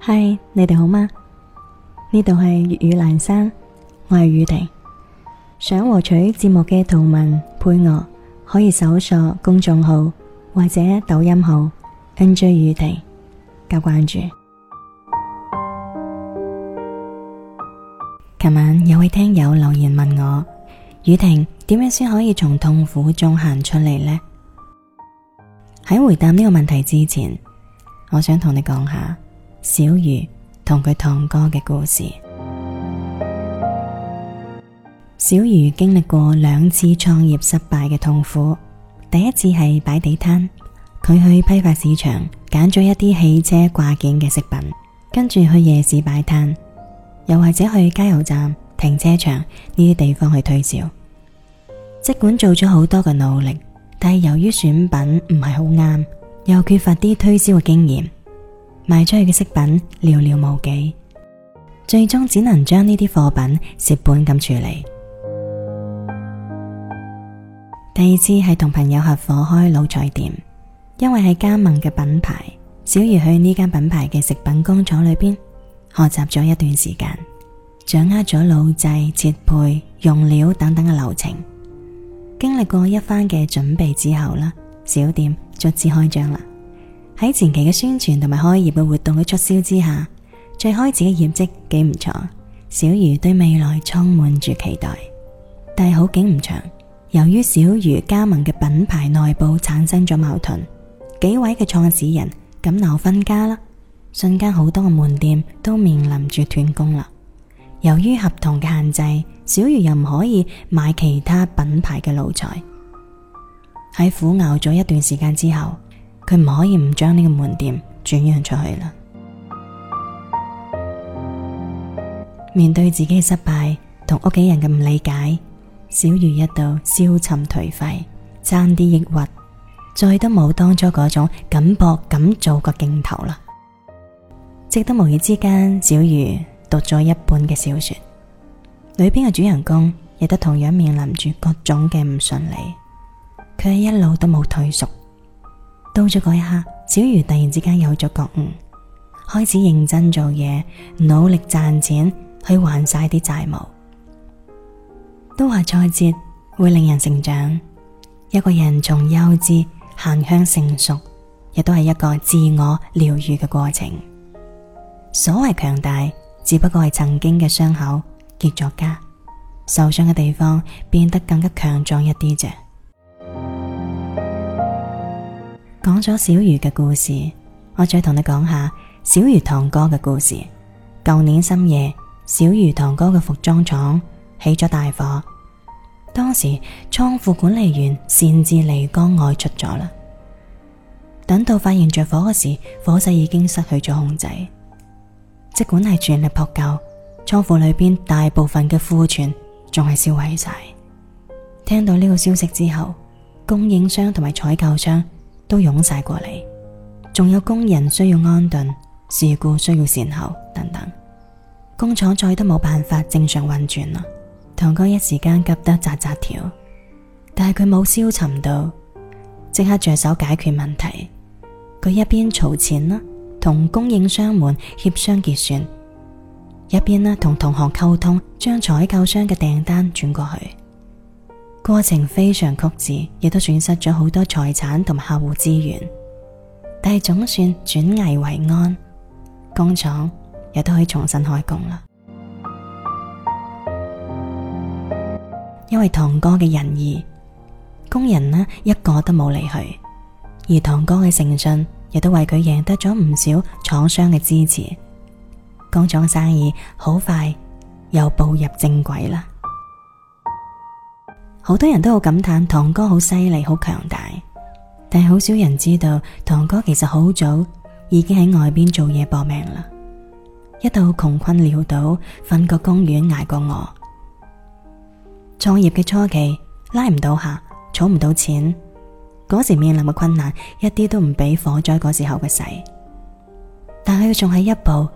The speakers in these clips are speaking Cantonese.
嗨，Hi, 你哋好嗎？呢度係粵語蘭山，我係宇婷。想獲取節目嘅圖文配樂，可以搜索公眾號或者抖音號 NJ 宇婷加關注。琴晚有位聽友留言問我：宇婷點樣先可以從痛苦中行出嚟呢？喺回答呢個問題之前，我想同你講下。小漁同佢堂哥嘅故事。小漁經歷過兩次創業失敗嘅痛苦。第一次係擺地攤，佢去批發市場揀咗一啲汽車掛件嘅飾品，跟住去夜市擺攤，又或者去加油站、停車場呢啲地方去推銷。儘管做咗好多嘅努力，但係由於選品唔係好啱，又缺乏啲推銷嘅經驗。賣出去嘅飾品寥寥無幾，最終只能將呢啲貨品蝕本咁處理。 第二次係同朋友合夥開滷菜店，因為係加盟嘅品牌，小漁去呢間品牌嘅食品工廠裏邊學習咗一段時間，掌握咗滷製、切配、用料等等嘅流程。經歷過一番嘅準備之後啦，小店卒之開張啦。喺前期嘅宣傳同埋開業嘅活動嘅促銷之下，最開始嘅業績幾唔錯，小漁對未來充滿住期待。但好景唔長，由於小漁加盟嘅品牌內部產生咗矛盾，幾位嘅創始人咁鬧分家啦，瞬間好多嘅門店都面臨住斷供啦。由於合同嘅限制，小漁又唔可以賣其他品牌嘅鹵菜。喺苦熬咗一段時間之後，佢唔可以唔將呢個門店轉讓出去啦。面對自己嘅失敗同屋企人嘅唔理解，小漁一度消沉頹廢，差啲抑鬱，再都冇當初嗰種敢搏敢做個勁頭啦。直到無意之間，小漁讀咗一本嘅小說，裏邊嘅主人公亦都同樣面臨住各種嘅唔順利，佢一路都冇退縮。到咗嗰一刻，小漁突然之間有咗覺悟，開始認真做嘢，努力賺錢去還晒啲債務。都話挫折會令人成長，一個人從幼稚行向成熟，亦都係一個自我療愈嘅過程。所謂強大，只不過係曾經嘅傷口結咗痂，受傷嘅地方變得更加強壯一啲啫。講咗小魚嘅故事，我再同你講下小魚堂哥嘅故事。舊年深夜，小魚堂哥嘅服裝廠起咗大火。當時倉庫管理員擅自離崗外出咗啦。等到發現着火嗰時，火勢已經失去咗控制。盡管係全力撲救，倉庫裏邊大部分嘅庫存仲係燒毀晒。聽到呢個消息之後，供應商同埋採購商，都湧晒過嚟，仲有工人需要安頓，事故需要善後等等，工廠再都冇辦法正常運轉啦。堂哥一時間急得扎扎跳，但係佢冇消沉到，即刻着手解決問題。佢一邊籌錢啦，同供應商們協商結算，一邊呢同同行溝通，將採購商嘅訂單轉過去。過程非常曲折，亦都損失咗好多財產同客戶資源，但係總算轉危為安，工廠亦都可以重新開工啦。因為堂哥嘅仁義，工人呢一個都冇離去，而堂哥嘅誠信亦都為佢贏得咗唔少廠商嘅支持，工廠生意好快又步入正軌啦。好多人都好感嘆堂哥好犀利、好強大，但係好少人知道堂哥其實好早已經喺外邊做嘢搏命啦，一度窮困潦倒，瞓過公園、挨過餓。創業嘅初期拉唔到客，儲唔到錢，嗰時面臨嘅困難一啲都唔比火災嗰時候嘅細，但係佢仲係一步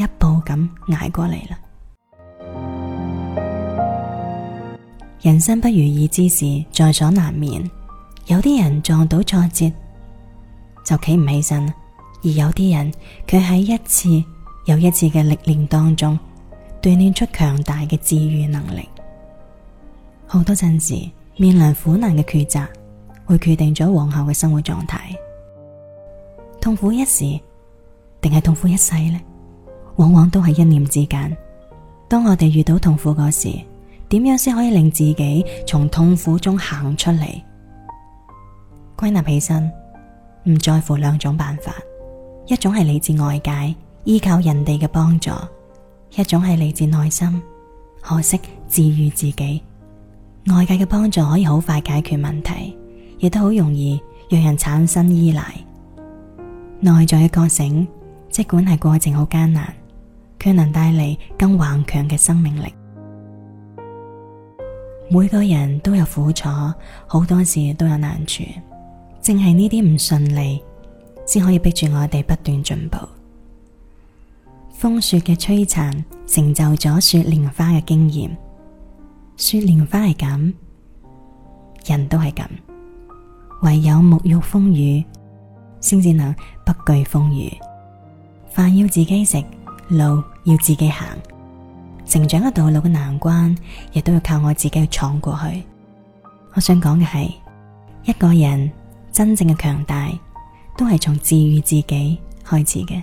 一步咁挨過嚟啦。人生不如意之事在所難免，有啲人撞到挫折就企唔起身，而有啲人佢喺一次又一次嘅歷練當中，鍛煉出強大嘅治愈能力。好多陣時，面臨苦難嘅抉擇，會決定咗往後嘅生活狀態。痛苦一時，定係痛苦一世呢？往往都係一念之間。當我哋遇到痛苦嗰時，點樣先可以令自己從痛苦中行出嚟？歸納起身，唔在乎兩種辦法：一種係嚟自外界，依靠人哋嘅幫助；一種係嚟自內心，學識治愈自己。外界嘅幫助可以好快解決問題，亦都好容易讓人產生依賴。內在嘅覺醒，即管係過程好艱難，卻能帶嚟更頑強嘅生命力。每個人都有苦楚，好多事都有難處，淨係呢啲唔順利，先可以逼住我哋不斷進步。風雪嘅摧殘，成就咗雪蓮花嘅經驗。雪蓮花係咁，人都係咁，唯有沐浴風雨，先至能不懼風雨。飯要自己食，路要自己行。成長嘅道路嘅難關，亦都要靠我自己去闖過去。我想講嘅係，一個人真正嘅強大，都係從治癒自己開始嘅。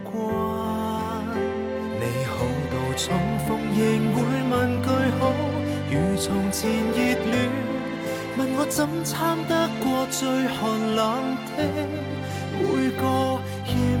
重逢仍會問句好，如從前熱戀，問我怎撐得過最寒冷的每個夜晚。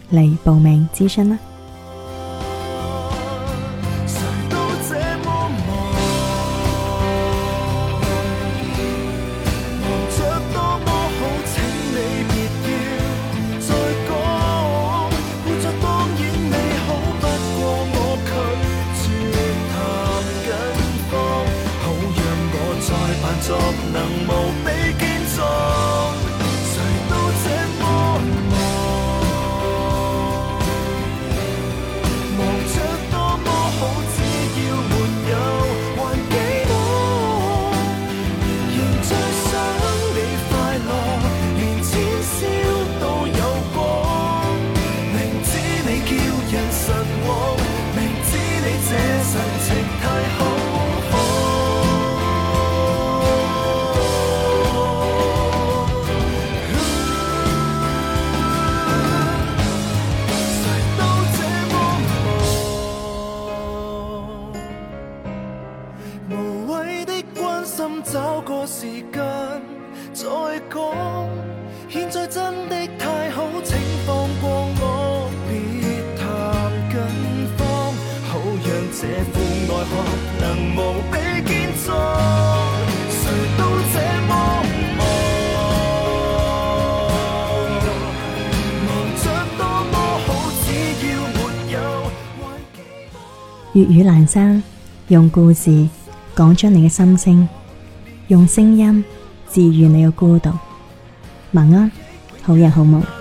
嚟報名諮詢啦！都忙，多好，只要有粵語闌珊，用故事講出你嘅心聲，用聲音治愈你嘅孤獨。晚安，好人好夢。